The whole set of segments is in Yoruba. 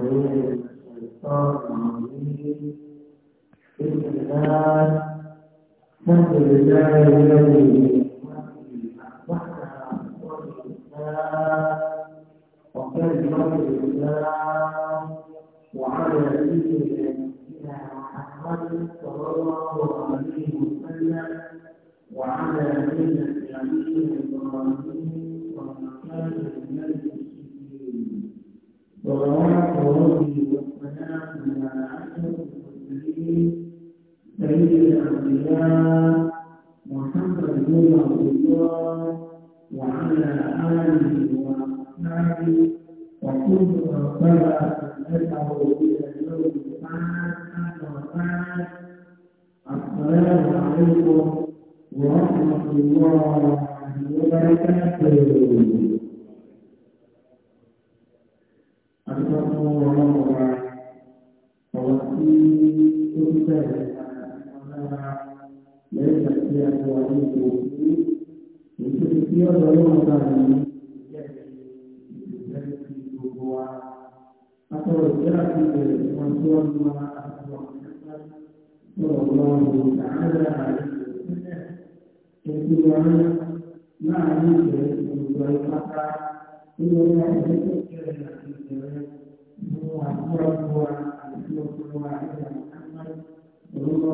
الحمد لله الذي وكلمة الإسلام وعلى سيدنا محمد صلى الله عليه وسلم وعلى ملة أبيه إبراهيم ومكان النبي ورواه ربي على عشرة المرسلين سيد الأنبياء محمد بن عبد وعلى آله وأصحابه وكل من تبع سنته إلى يوم البعث أما السلام عليكم ورحمة الله وبركاته fún ọlọ́run wa ọ̀rọ̀ tí ó ń bẹ̀rẹ̀ lára lẹ́yìn àti àwọn àlejò òkú èyí tí ọ̀dọ̀ ọlọ́run bá mi ní ìbẹ̀rẹ̀ sí gbogbo wa. Akọ̀rọ̀ ìjẹ́ àti ìbẹ̀rẹ̀ tí wọ́n tó ń lọ àti ọ̀kẹ́kẹ́ sọ̀rọ̀ lọ́rùn tààrà àti ìpínlẹ̀ ètò ọ̀rẹ́ láàárín ìbẹ̀rẹ̀ ìgbòho ìpátá nínú ọmọ ìdókòkè àti ìbẹ̀rẹ̀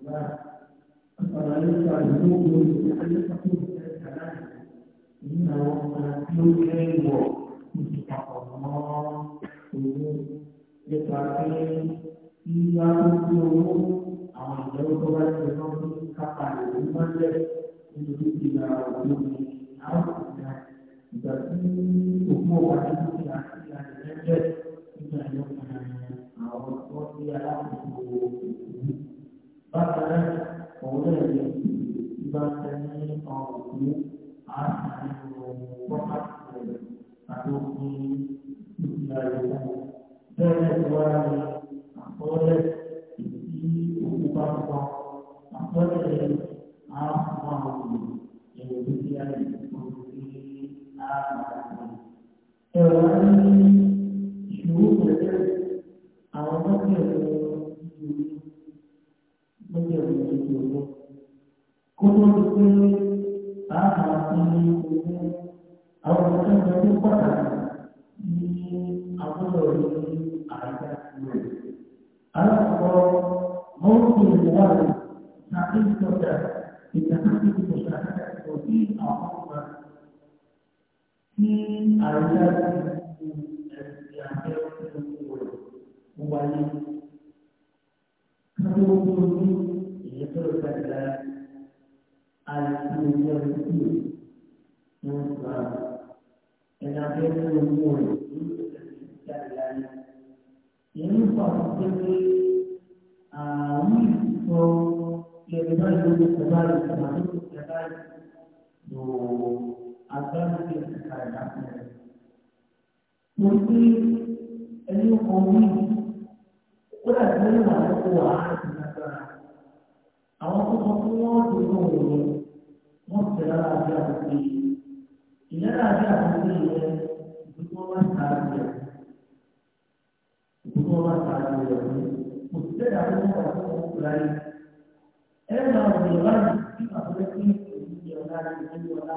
أفرأيت النور الذي تقول الكلام إنه يكلم مصدق الله nípa pé yíyá lójú owó àwọn ìjọba tó bá ti lọ sí kápá ìlú mọ́lẹ̀ nínú dúkìá òkú ni àwọn ìgbà ìgbà tí òkú ọ̀wá ní dúkìá sí àdìrẹ́jẹ́ nígbà yóò fi àwọn tó ń bí aláàbò bákan náà òun náà ní ìgbà tẹ́lẹ̀ ní ọ̀gbìn àtàlẹ́ pọ́pátì rẹ̀ àti òkun ìgbà ìwọ̀n bẹ́ẹ̀ ni wọ́n á ní àkọọ́lẹ̀ ìdí òkú bá pọ̀ àkọọ́lẹ̀ àwọn àwọn èèyàn Ada buku yang terkumpul kembali. Kumpul itu itu adalah al-Qur'an itu nama yang ada kumpul itu adalah yang pasti ah untuk yang terlalu besar itu adalah agbára ti ń ka ìdáhùn rẹ̀. Mo gbé ẹni kan wí, ó dàbí ẹni wà lọ́kọ̀ wà á ti lágbára. Àwọn tó sọ fún wọn tó lọ wọ̀ wọ́n ti rárá bí àkókò yìí. Ìyára bí àkókò yìí rẹ̀ ìdúgbò wá sáré rẹ̀. Ìdúgbò wá sáré rẹ̀ rẹ̀. Kò sí ẹ̀dá tó ń bọ̀ fún ọkùnrin láyé. Ẹ máa wọ̀ ìwádìí nígbà tó lẹ́kọ̀ọ́ ìgbìyànjú ọ̀la ìgbìyànjú ọ̀la.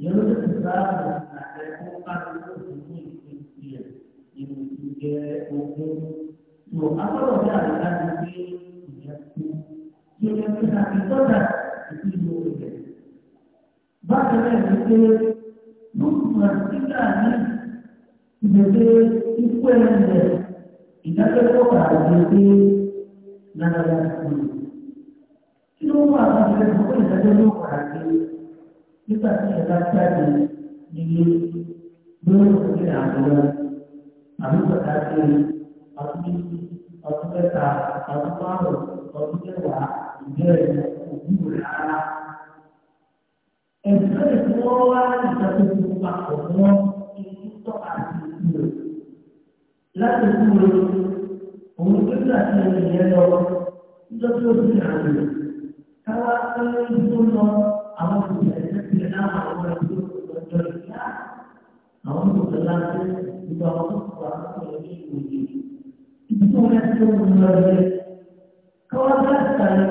Yang terbesar ada empat jenis ikhtiar yang tiga umum. So apa roda dan tiga jati yang kita kita dah itu juga. Bahkan kita bukan tiga ni jadi itu yang dia. Ina kerja jadi nak ada. Kita semua ada kerja kita ada kerja nígbà tí ẹ bá jáde nílé lórí òkúté àbúrò àbúrò káàkiri ọdún ọdún mẹ́ta ọdún márùn ọdún mẹ́wàá ìbẹ̀rẹ̀ òkú rárá. ẹ̀sùn rẹ̀ tí wọ́n wá ìjọsìn papọ̀ mọ́ ìlú tó àti ìlú láti kúrò òun gbégbé àti ènìyàn lọ níjọ́ ó ti rìn àjò káwá pé ìlú lọ àwọn òṣèlú salama wanajua kuondolea hawana usalama utawakufwa kuelekea Mtume tumbele kawakata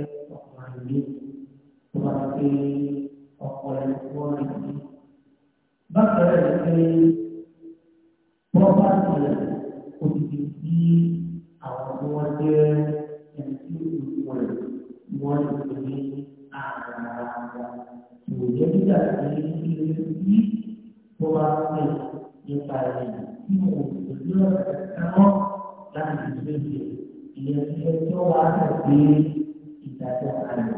pé ọkọ rẹ̀ wọ́n rẹ̀ sí. Bákan rẹ̀ pé bọ́ọ̀bá rẹ̀ kò tètè sí àwọn tí wọ́n jẹ́ ẹni tí ó rẹ̀ wọ́n rẹ̀ sí ní ààrùn ara wọn. Kò jẹ́ nígbà tí ilé tí tó nípa rẹ̀ tí mo kò sí lọ́sẹ̀ kẹta mọ́ láti ìgbésẹ̀ ìyẹn tí ẹjọ́ wa rẹ̀ pé ìdájọ́ àná.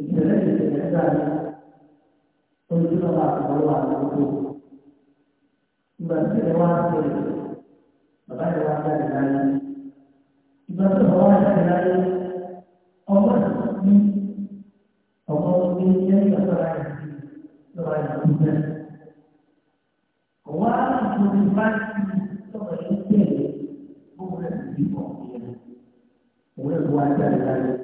ìṣẹ̀lẹ̀ ìṣẹ̀lẹ̀ dáre olùdókòwò àtàwọn àdúgbò ìgbà tí ìṣẹ̀lẹ̀ wá ṣẹlẹ̀ bàbá ìwà jáde láyé ìgbà tí bàbá wà jáde láyé ọmọ ìṣẹ̀lẹ̀ ọmọ ní ilé ìgbàsọ̀rọ̀ àyè lọ́wọ́ àyè àdúgbò wá ìṣòro bá ti sọ̀rọ̀ yìí bẹ̀rẹ̀ gbogbo ẹ̀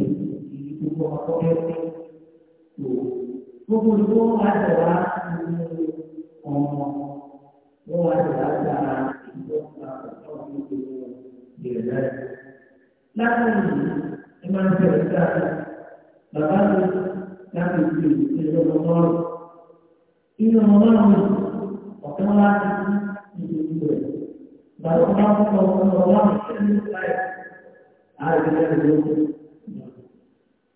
我们后面有，如果说完的话，嗯，我完的话呢，我啊，我们就别人，那你你们这一个，那当时那你去你怎么说？你怎么说？我跟他你你你，那我刚刚说我我让你先来，啊，你来你。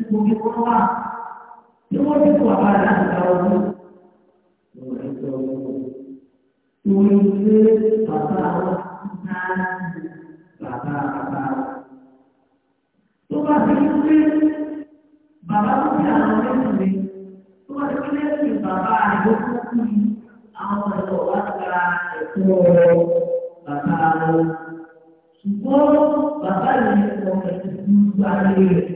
ibu di rumah. Cuma itu apa yang kau tahu? Oh itu. Tunggu kata Tuhan. Kata kata. Tuhan sendiri. Bapak pun tidak tahu yang sendiri. Tuhan sendiri. Bapak ibu pun. Aku berdoa kepada Tuhan. Kata Tuhan. Semua bapak ini mengerti dua kali.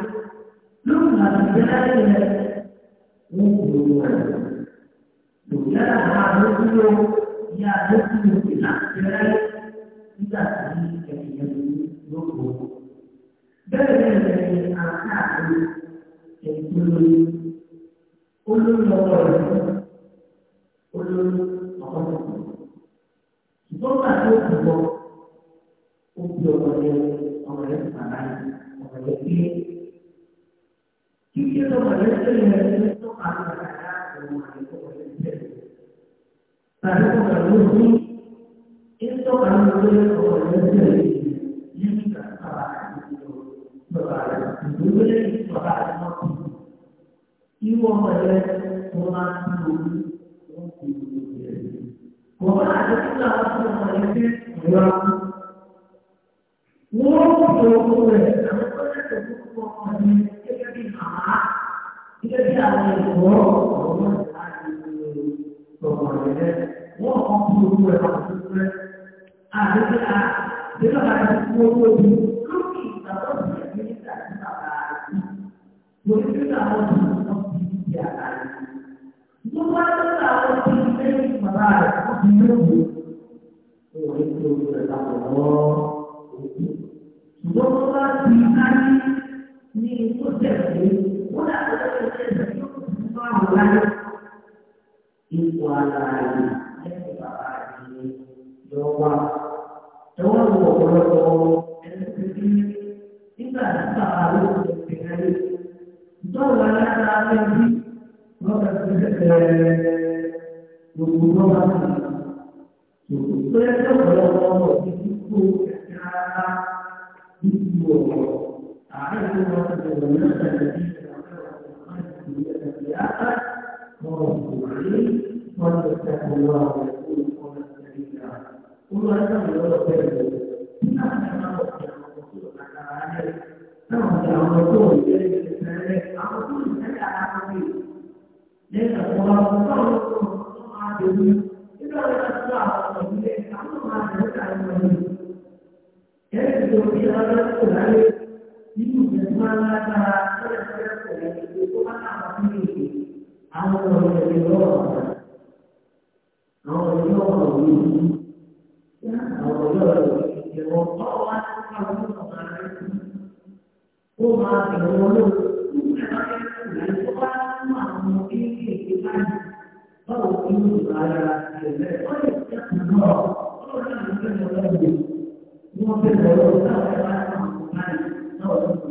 Sebenarnya hubungan dunia harus itu ya harus kita jadi kita ini kayaknya lupa. Dari dari akan itu ulun lokal ulun lokal itu satu buku untuk orang orang orang ini 今天我来这里，是想表达一个马克思主义者，但是我们如今，这个党的核心已经转向了，转向了资本主义，转向了帝国主义，因为我感觉我们不能，不能理我们还是知道我们是哪个，我无所谓。Sudah mulai di hari ini, sudah di, sudah ada yang Islam ipò ara rẹ̀ lẹ́yìn bàbá rẹ̀ ni yọ wá. Ẹ̀wọ́n lu ọ̀pọ̀lọpọ̀ ẹni tó ti nígbà tí bàbá rẹ̀ ló ti fi ayé. Ìjọba aláta rẹ̀ bí wọ́n ti ṣẹ̀ṣẹ̀ gbogbo wọn bá ti ṣòkò. Tó yẹ kí ọ̀pọ̀lọpọ̀ ọmọ ti ti kú ẹ̀ka rárá ní ìlú ọ̀pọ̀. Àárẹ̀ tó wọ́n ti bẹ̀rẹ̀ náà ṣẹlẹ̀ bí. القيامة مرضوعين وليتقوا الله ويقولوا قولا سديدا ثم انهم يرتدوا Thank you. hanno religiosa, non religioso di non religioso di non trova qualcuno ma o ma che non lo Thank you.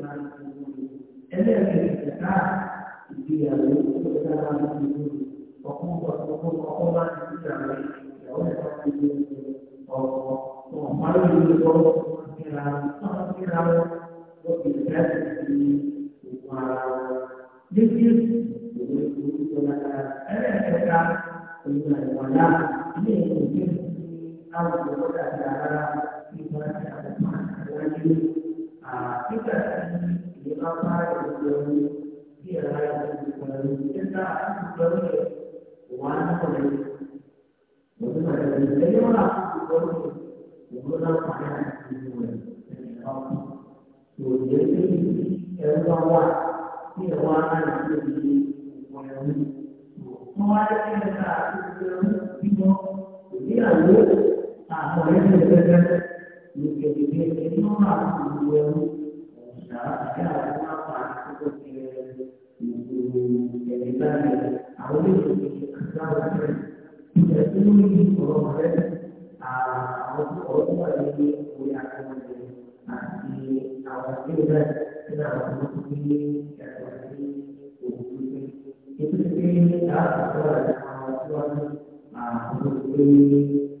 我在家啦，喜欢打篮球啊，这个一八八九九，第二这个现在这个五万多人，我这个人没用了，我我不能谈恋爱，因为太老了。我决定先说话，电话按信息，我有我通话现在就是轻松，我电话五。তারপরে নিজে নিজে কেন আসবেন তাকে আপনার পাঠ করতে আমাদের শিক্ষা রাখেন তুমি কোনো ভাবে Thank you.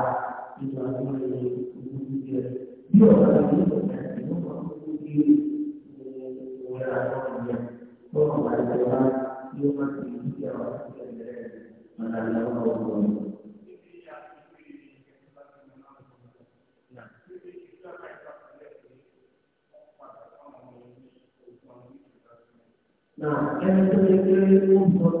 não Nah, yang itu itu umur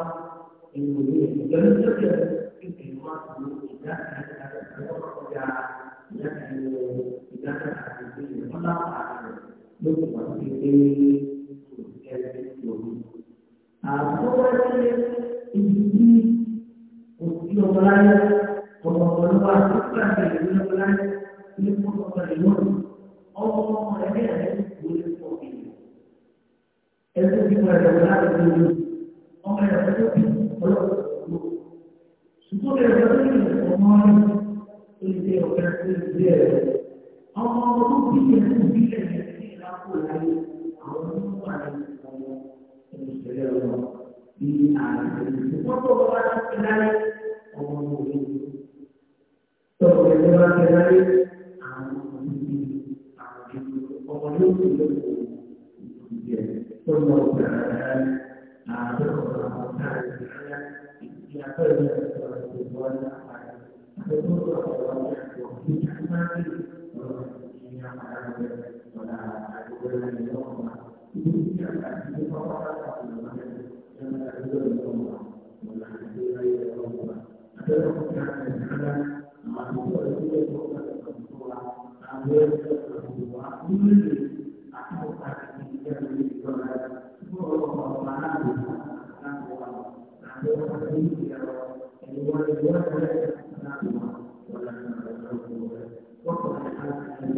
الخاص الوجود لم تكن تلك الخاص إذا كانت تتوقع لكن إذا كانت تلك الخاص يطلق في como por un azúcar que le dio plan, y un poco de limón, o como de vera, un poco de limón. Este tipo de regular es un ọmọ ẹ̀rọ tó ti ọ̀rọ̀ òkú. Ṣùgbọ́n ẹ̀rọ tó ti ọmọ ẹ̀rọ tó ti ọ̀gá tó ti di ẹ̀rọ. Ọmọ ọmọ tó bí ẹ̀rọ tó bí ẹ̀rọ ti ìlàkó láyé àwọn tó wà ní ọmọ ìṣẹ̀lẹ̀ ọmọ bí ààrẹ ìṣùgbọ́n tó bá wá ti láyé ọmọ ọmọ òní. Tọ́lọ̀ ẹ̀rọ bá ti láyé àwọn ọmọ ìṣẹ̀lẹ̀ ọmọ yóò ti lọ́kọ̀ọ́ ìṣẹ̀lẹ̀ tó lọ́ọ̀ọ́ la por el de la